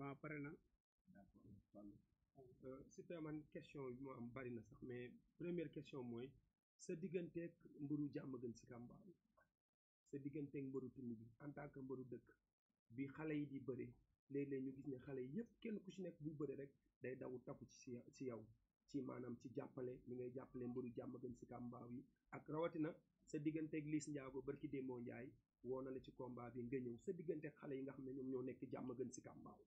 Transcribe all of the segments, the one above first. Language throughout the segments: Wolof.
waaw pare na d'accord euh, Siteu man question bi moo am bari na sax mais première question mooy sa digganteeg mbëru jàmm gën si kàmbaaw sa digganteeg mbëru tund bi en tant que mbëru dëkk bi xale yi di bëri léeg ñu gis ne xale yi yëpp kenn ku ci nekk buy bëri rek day daw takku ci ci yow ci maanaam ci jàppale li ngay jàppale mbëru jàmm gën si kàmbaaw yi ak rawatina sa digganteeg Liss Ndiago barki Demba Ndiaye woo na la ci combat bi nga ñëw sa digganteeg xale yi nga xam ne ñoom ñoo nekk jàmm gën si kàmbaaw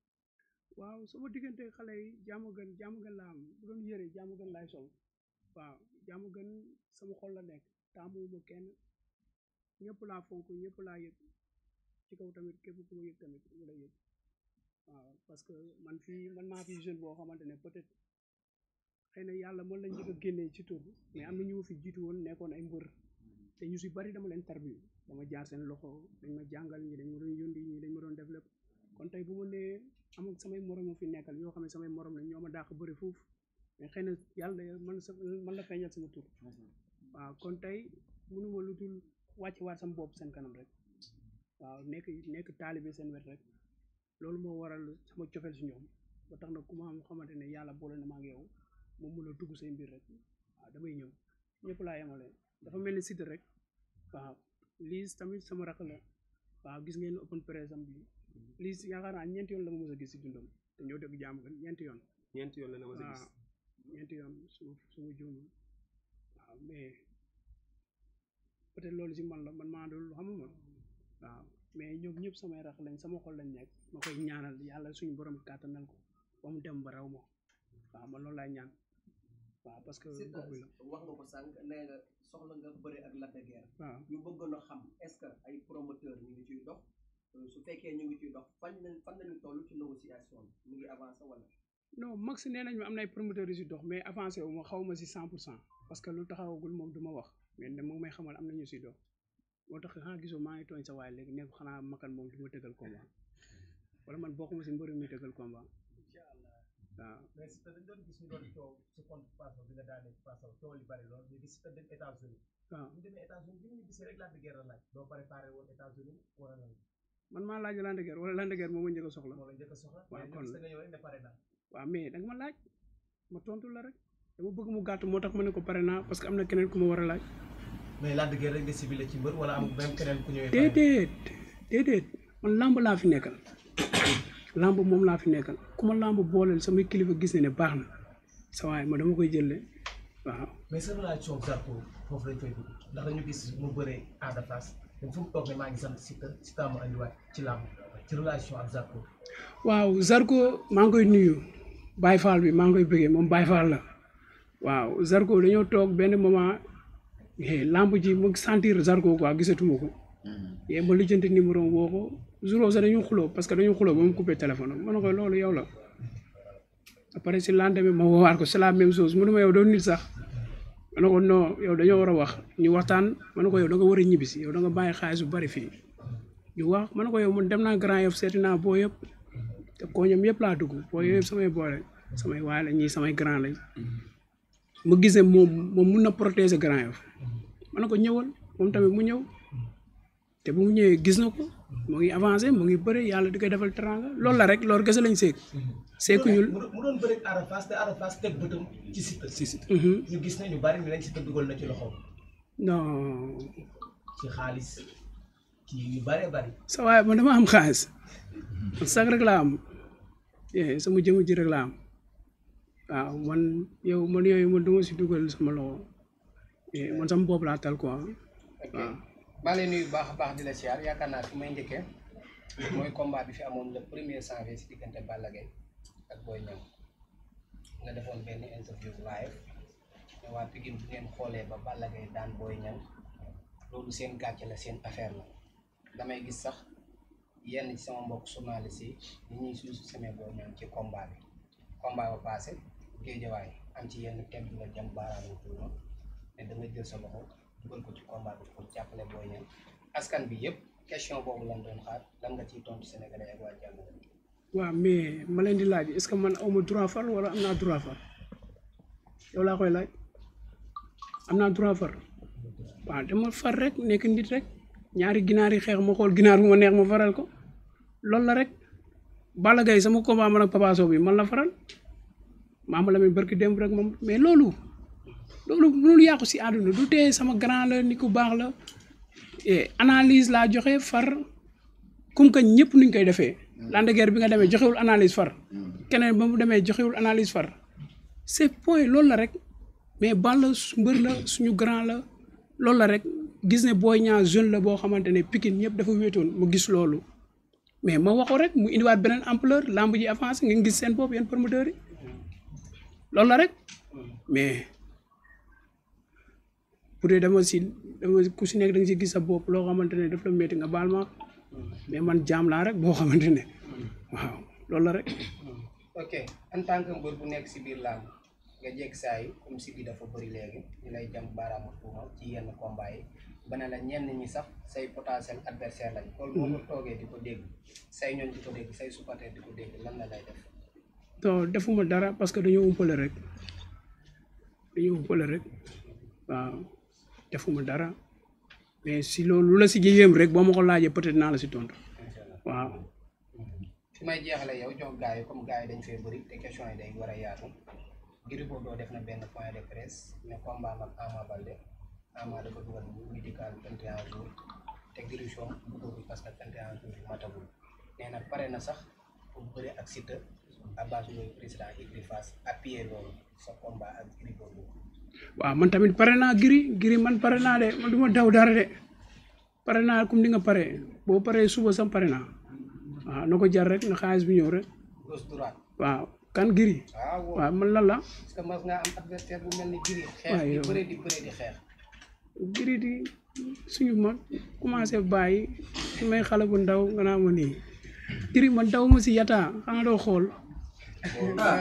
waaw suma diggante xale yi jàmm gën jàmm gën laa am bu doon jàmm gën laay sol waaw jàmm gën sama xol la nekk taamuwuma kenn ñëpp laa fonk ñëpp laa yëg ci kaw tamit képp ku ma yëg tamit mu lay yëg waaw parce que man fii man maa fi jeune boo xamante ne être xëy na yàlla mën lañ génnee ci tur mais am na ñu fi jiitu woon nekkoon ay mbër te ñu si bari dama leen tarbiyu dama jaar seen loxo dañ ma jàngal ñi dañ ma doon yóndi ñi dañ ma doon def lépp kon tey bu ma nee am ak samay morom ma fi nekkal yoo xam ne samay morom la ñoo ma dàq foofu mais xëy na yàlla day man sa man la feeñal sama tur waaw kon tey mënu ma lu dul wàcce waat sama bopp seen kanam rek waaw nekk nekk taalibe seen wet rek loolu moo waral sama cofeel si ñoom ba tax na ku ma am xamante ne yàlla boole na ma ngi yow moom mun a dugg say mbir rek waaw damay ñëw ñëpp laa yemale dafa mel ni site rek waaw lii tamit sama rakk la waaw gis ngeen open press am bi lii si yaakaar naa ñeenti yoon la ma mos a gis si dundam te ñëw dëgg jàmm gën ñeenti yoon. ñeenti yoon la a gis waaw ñeenti yoon su ma waaw mais peut être loolu si man la man maa dul xamuma waaw mais ñoom ñëpp samay rax lañ sama xol lañ nekk ma koy ñaanal yàlla suñu borom kàttanal ko ba mu dem ba raw ma waaw man loolu laay ñaan. waaw parce que gox bi la wax nga ko sànq nee nga soxla nga bëre ak Lac de Guiers. waaw ñu bëggoon a xam est-ce que ay promoteur ñu ngi ciy dox. su fekkee ñu ngi ciy dox fan lañ fan lañu ci négociation bi mu ngi avancé wala. non max nee nañ am na ay promoteurs si dox mais avancé wu ma xaw ma si cent pour cent parce que lu taxawagul moom du ma wax mais moom may xamal am na ñu si dox moo tax xanaa gisoo maa ngi tooñ sa waaye léegi ne xanaa makan moom du ma tëggal combat wala man bokkuma si mbëri muy tëggal combat. waaw mais si dañ doon gis ñu man maa laaj Lac de Guiers wala Lac de Guiers ma njëkk a soxla. moo a waaw mais danga ma laaj ma tontu la rek dama bëgg mu gàtt moo tax ma ne ko pare naa parce que am na keneen ku ma war a laaj. mais Lac de Guiers rek nga ciblé ci mbër wala am même keneen ku ñëwee. déedéet déedéet man làmb laa fi nekkal làmb moom laa fi nekkal ku ma làmb booleel samay kilifa gis ne ne baax na sa waay ma dama koy jëlee waaw. mais sa relation foofu lañ koy dugg ndax gis mu bëree Ada te maa ngi sant si si taamu andiwaat ci làmb ci waaw Zarko maa ngi koy nuyu Baye Fall bi maa ngi koy moom bay Fall la waaw Zarko dañoo toog benn moment eh, làmb ji mu sentir Zarko quoi gisatuma ko. yee mm-hmm. eh, ma lijjanti numéro am woo ko jour sax dañu xuloo parce que dañu xuloo ba mu coupé téléphone am ma loolu yow la. après si lendemain ma woowaat ko c'est la même chose mu ne ma nit sax. ma ne ko non yow dañoo war a wax ñu waxtaan ma ne ko yow da nga war a ñibbisi yow danga nga bàyyi xaalis bu bari fii ñu wax ma ne ko yow mun dem naa Grand Yoff seeti naa boo yëpp te kooñam yëpp laa dugg boo yëpp samay boole samay waay la ñii samay grand lañ mu gisee moom moom mun na protéger Grand Yoff ma ne ko ñëwal moom tamit mu ñëw te bu mu ñëwee gis na ko mu ngi avancé mu ngi bëri yàlla di koy defal teranga loolu la rek loolu gese lañu seeg. seeku ñu mu doon te mhm. Mhm. gis ne ñu bari ne dugal na ci loxoom. xaalis yu bari bari. sa waaye man dama am xaalis sax rek laa am eh, sama jëmm ji rek laa am waaw man yow man yooyu man duma si dugal sama loxo eh, man sama bopp laa tal quoi waaw. maa ngi baax a baax di la siyaar yaakaar naa fi may njëkkee mooy combat bi fi amoon le premier janvier si diggante Balla Gaye ak Boy Niang nga defoon benn interview live ne waa Pikine bu ngeen xoolee ba Balla Gaye daan Boy Niang loolu seen gàcce la seen affaire la damay gis sax yenn ci sama mbokk journaliste yi ni ñuy suusu semee Boy Niang ci combat bi combat ba passé géejawaay am ci yenn thème bi nga jëm baaraamu tuuma ne da jël sa loxo dugal bi yëpp question boobu lan nga ciy tontu Sénégalais waa mais ma leen di laaj est-ce que man awma droit far wala am naa droit far yow laa koy laaj am naa droit far waaw dama far rek nekk nit rek ñaari ginaar yi xeex ma xool ginaar bu ma neex ma faral ko loolu la rek Balla Gaye sama combat man ak Papa bi man la faral ma la mi barki démb rek moom mais loolu loolu loolu yàqu si àdduna du tee sama grand la ni ku baax la analyse laa joxe far comme que ñëpp nuñ koy defee. Lac de bi nga demee joxewul analyse far. keneen ba mu demee joxewul analise far c'est point loolu la rek mais Balla mbër la suñu grand loolu la rek gis ne Boy Niang jeune la boo xamante ne Pikine ñëpp dafa wéetoon mu gis loolu. mais ma waxoo rek mu indiwaat beneen ampleur lamb ji ngeen gis seen bopp yeen promoteurs yi la rek mais. bu dee dama si ku si nekk da nga si gis sa bopp loo xamante ne daf la métti nga baal ma mais man jaam laa rek boo xamante ne waaw loolu la rek. ok en tant que bu nekk si biir laa nga jekk saa yi comme si bi dafa bëri léegi ñu lay jam baaraamu tuuma ci yenn ba ne la ñenn ñi sax say potentiel adversaire lañ. loolu mm-hmm. di ko dégg say ñoon di ko la lay def. non defuma dara parce que dañoo umpale rek dañoo umpale rek waaw. defuma dara mais si loolu la si jëyeem rek boo ma ko laajee peut-être naa la si tontu waaw. fi may jeexalee yow jox gars yi comme gars yi dañ fee bëri te question yi day war a yaatu Gris Bordeaux def na benn point de presse ne combat ak Ama Baldé Ama dafa dugal médical 21 jours te Gris Bordeaux bëggul parce que 21 jours yi matagul nee na pare na sax pour bëri ak Siteu Abass Ndoye président Igri Fass appuyé loolu sa combat ak Gris waaw man tamit pare naa giri giri man pare naa de man du daw dara de pare naa comme ni nga pare boo paree suba sam pare naa waaw na ko jar rek na xaalis bi ñëw rek waaw kan giri ah, man lan la parce bu mel ni giri xeex di bëre di suñu ma commencé bàyyi may xale bu ndaw nga naa ma nii giri man daw ma si yataa xanaa doo xool Ah,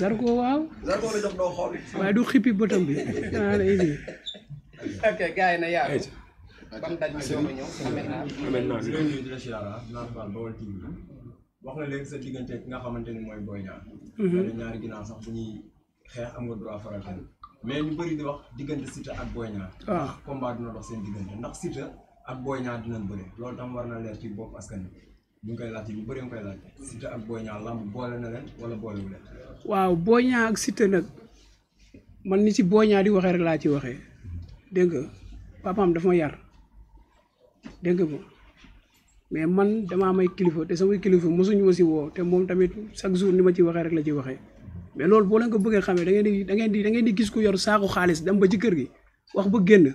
Zarko waaw. Zarko la jox doo xool. waaye du xippi bëtam bi. ah day indi. ok gars yi na yaatu. ban daj ma doog a ñëw. maintenant si loolu wax na léegi sa diggante ki nga xamante ni mooy Boy Niang. wala mhm. ñaari ginnaaw sax bu ñuy xeex am nga du faral kenn mais ñu bëri di wax diggante Siteu ak Boy Niang. waaw ah. combat dina dox seen diggante ndax Siteu ak Boy Niang dinañ bëre loolu tam war na leer ci bopp askan wi. ñu ngi koy laajte bu bëri nga koy laajte. Siteu ak Boy Niang lamb boole na leen wala boole wu leen. waaw Boy Niang ak Siteu nag man ni ci Boy Niang di waxee rek laa ci waxee dégg nga papaam dafa ma yar dégg nga mais man damaa may kilifa te samay kilifa mosuñu ma si woo te moom tamit chaque jour ni ma ci waxee rek la ci waxee mais loolu boo leen ko bëggee xamee da ngeen di da ngeen di da ngeen di gis ku yor saako xaalis dem ba ci kër gi wax ba génn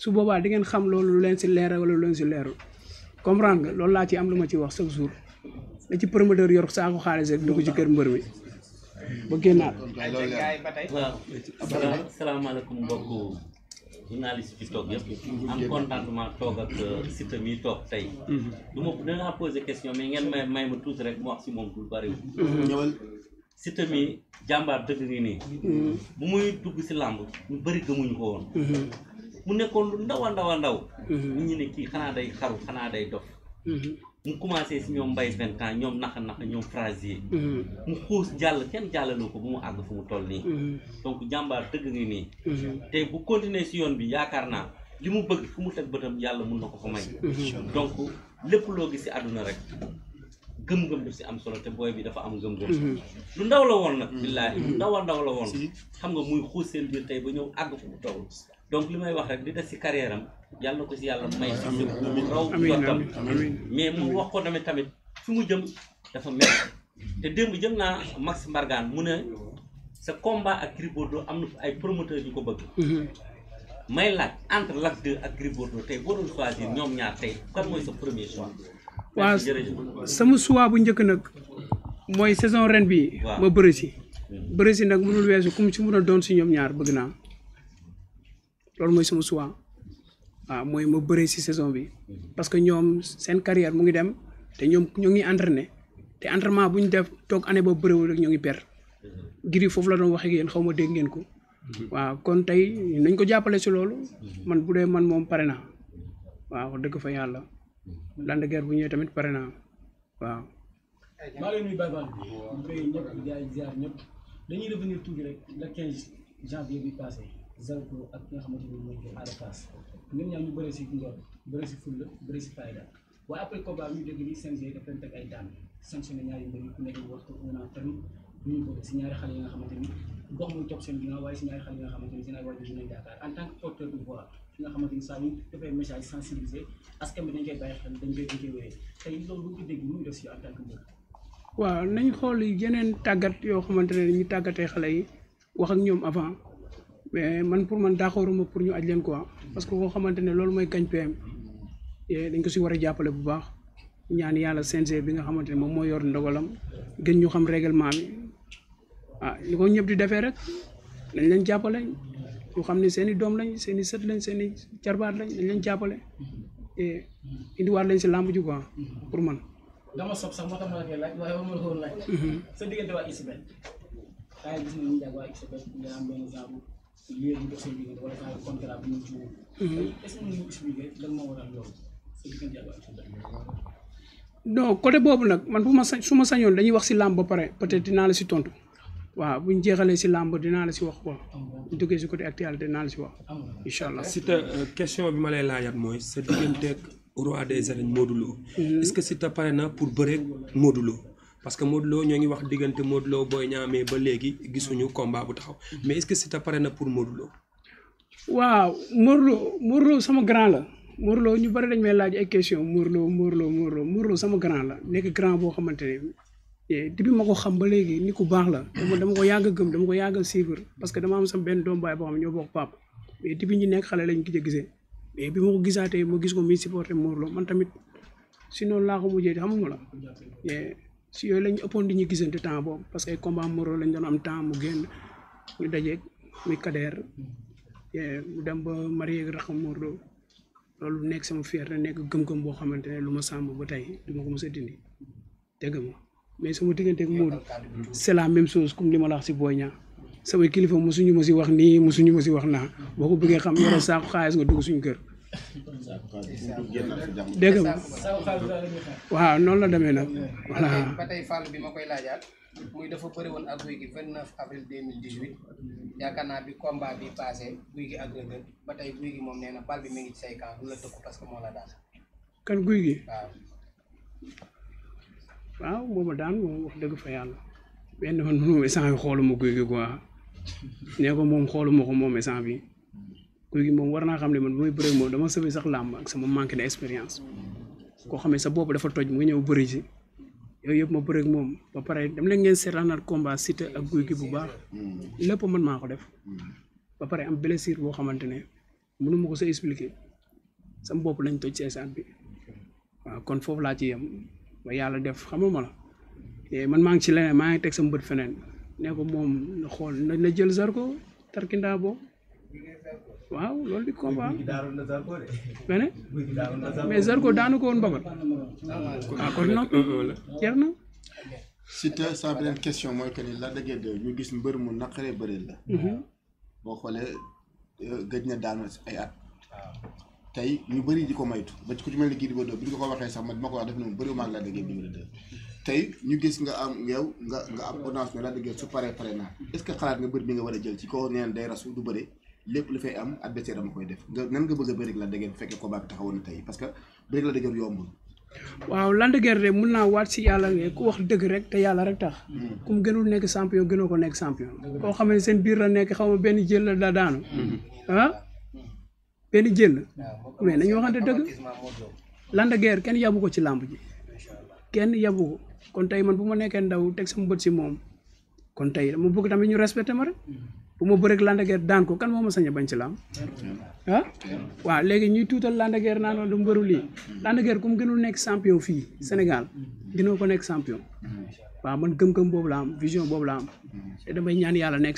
su boobaa di ngeen xam loolu lu leen si leeral wala lu leen si leerul. comprendre nga loolu laa ci am lu ma ci wax chaque jour da ci promoteur yor saako xaalis rek dugg ci kër mbër mi ba génnaat. waaw asalaamaaleykum mbokk journaliste bi toog yëpp am contentement toog ak euh, Siteu mi toog tey. Mhm. du ma danaa poser question mais ngeen may may ma tuuti rek mu wax si moom du bariwul. Mhm. ñëwal Siteu mi jàmbaar dëgg ngi nii. Mhm. bu muy dugg si làmb ñu bëri gëmuñu ko woon. mu nekkoon lu ndaw a ndaw a ndaw. Mhm. nit ñi ne kii xanaa day xaru xanaa day dof. Mhm. mu commencé si ñoom mbay vingt ans ñoom naxa naxa ñoom frasier mhm. mu xuus jàll kenn jàllaloo ko bu mu àgg fu mu toll nii donc jàmbaar dëgg ngi nii te bu continuer si yoon bi yaakaar naa li mu bëgg fu mu teg bëtam yàlla mun na ko ko may donc lépp loo gis si àdduna rek gëm-gëm daf si am solo te booy bi dafa am gëm-gëm lu ndaw la woon nag billaahi lu ndaw a ndaw la woon xam nga muy xuus seen biir tey ba ñëw àgg fu mu toll donc li may wax rek li des si carrière am yàlla ko si yàlla may si mu raw jottam mais mu wax koo tamit tamit fi mu jëm dafa mel te démb jëm naa Max Mbargane mu ne sa combat ak Gris am na ay promoteurs yu ko bëgg mhm. may laaj entre Lac 2 ak Gris tey boo doon choisir ñoom ñaar tey kan mooy sa premier choix waaw sama choix bu njëkk nag mooy saison ren bi ma bëri si mhm. bëri si nag mënul weesu comme si mun a doon si ñoom ñaar bëgg naa loolu mooy sama choix waaw mooy ma bëree si saison bi parce que ñoom seen carrière mu ngi dem te ñoom ñoo ngi entraîné te entraînement bu ñu def toog année boobu bëriwul rek ñoo ngi per giri foofu la doon waxee ak yéen xaw ma dégg ngeen ko waaw kon tey nañ ko jàppale si loolu man bu dee man moom pare naa waaw wax dëgg fa yàlla Lac de bu ñëwee tamit pare naa waaw. maa Zarko ak ki nga xamante ni mooy Ada Fass ñoom ñaar ñu bëri si ngor bëri si fulla bëri si fayda waaye après combat ñu dégg ni CNG daf leen teg ay daan sanctionné ñaari mbir yi ku nekk waxtu un an terme ñu ko si ñaari xale yi nga xamante ni gox muy topp seen ginnaaw waaye si ñaari xale yi nga xamante ni seen ay waajur dinañ yaakaar en tant que porteur de voix ki nga xamante ni saa yu dafay message sensibilisé askan bi dañ koy bàyyi xel dañ koy dañ koy wéree tey loolu bu ñu ko dégg ñu def si en tant que mbir waaw nañ xool yeneen tàggat yoo xamante ne ñu tàggatee xale yi wax ak ñoom avant mais man pour man d'accorduma pour ñu aj leen quoi parce que koo xamante ne loolu mooy gañ PM dañ ko si war a jàppale bu baax ñaan yàlla CNG bi nga xamante ne moom moo yor ndogalam gën ñu xam règlement bi ah li ko ñëpp di defee rek dañ lañ jàppale ñu xam ne seen i doom lañ seen i sët lañ seen i carbaat lañ dañ leen jàppale et indiwaat lañ si làmb ji quoi pour man. dama sob sax moo ma la koy laaj mhm. sa diggante waa ISBEN. gis liy yëngu mhm. moo waral loolu sa boobu nag man bu ma sañ su ma sañoon dañuy wax si làmb ba pare peut-être dinaa la si tontu waaw bu ñu jeexalee si làmb dinaa la si wax quoi. bu ñu duggee si côté actualité dinaa la si wax. incha allah euh, Siteu question bi ma lay laajaat mooy sa digganteeg roi des arènes Modou Lo. Mhm. est-ce que Siteu pare na pour bëreeg Modou parce que Modou ñoo ngi wax diggante Modou Lo Boy Niang ba léegi gisuñu combat bu taxaw mais est-ce que Siteu pare na pour Modou Lo. waaw Modou Lo sama grand la Modou Lo ñu bari dañ may laaj ay question Modou Lo Modou Lo Modou sama grand la nekk grand boo xamante ne eh, depuis ma ko xam ba léegi ni ku baax la dama ko yàgg a gëm dama ko yàgg a suivre parce que dama am sama benn doom baay boo xam ñu nekk xale lañ gis a gisee mais bi ma ko gis ko muy supporté Modou Lo man tamit si noonu laa ko mujjee xam nga la eh, si yooyu lañu ëppoon di ñu gisante temps boobu parce que ay combat moro lañ doon am temps mu génn ñu dajeeg muy kadeer mu dem ba marié ak raxam Modou loolu nekk sama fierté nekk gëm-gëm boo xamante ne lu ma sàmm ba tey du ma ko mos a dindi dégg ma mais sama diggante ak Modou c'est la même chose comme li ma la wax si Boy Niang samay kilifa mosuñu ma si wax nii mosuñu ma si wax naa boo ko bëggee xam yore saako xaalis nga dugg suñu kër dégg nga waaw noonu la demee nag voilà. ba tey Fallou bi ma koy laajaat muy dafa bëri woon ak guy gi 29 naa bi combat bi passé ba tey guy gi moom nee na bal bi mi ngi ci say camp du la tëkku parce que moo la daan. kan guy gi. waaw. waaw booba daan moom wax dëgg fa yàlla. benn ma instant moom xooluma ko guy gi moom war naa xam ne man bu may bëree moom dama sëfee sax làmb ak sama manque d' expérience koo xamee sa bopp dafa toj mu ñëw bëri ji yooyu yëpp ma bëreeg moom ba pare dem leen ngeen seetaanaat combat Siteu ak guy gi bu baax lépp man maa ko def ba pare am blessure boo xamante ne mënu ma ko sa expliquer sam bopp lañ toj ci stade bi waaw kon foofu laa ci yem ba yàlla def xamal ma la man maa ngi ci leneen maa ngi teg sama bët feneen ne ko moom na xool na jël Zarko tarkindaa boobu waaw loolu di combat nga ne mais Zarko daanu ko woon mbapat waaw ah, ah, kon nag jeex na si te sa beneen question mooy que ni la dëggee de ñu gis mbër mu naqaree bëri la mhm. boo xoolee euh, gëj na daanu ay at tey ñu bëri di ko maytu ba ci ku ci mel ni Gris Bordeaux bi ñu ko waxee sax man bi ma ko wax def na mu bëri maa ngi la dëggee numéro deux tey ñu gis nga am yow nga nga am ordonnance ne la dëggee su paree pare naa est ce xalaat nga bër bi nga war a jël ci ko neen day rasu du bëri lépp lu fay am adversaire dama koy def nga nan nga bëgg a bëri la dëgër bu fekkee combat bi taxawoon na tey parce que bëri la dëgër yombul. waaw lan dëgër de mun naa waat si yàlla ne ku wax dëgg rek te yàlla rek tax. Hmm. ku mu gënul nekk champion gënoo ko nekk champion. koo xam ne seen biir la nekk xaw ma benn jël la daa daanu. Hmm. ah benn jël ah, mais nañu waxante dëgg. lan dëgër kenn yabu ko ci làmb ji. kenn yabu kon tey man bu ma nekkee ndaw teg sama bët si moom kon tey dama bëgg tamit ñu respecté ma rek. Hmm. bu ma bëreeg Lac de Guiers daan ko kan moo ma sañ a ci lamb ah waaw léegi ñuy tuutal Lac de Guiers naan du mbëru lii Lac de gënul nekk champion fii Sénégal gënoo ko nekk champion mm. waaw man gëm-gëm boobu la am boobu la mm. te damay ñaan yàlla nekk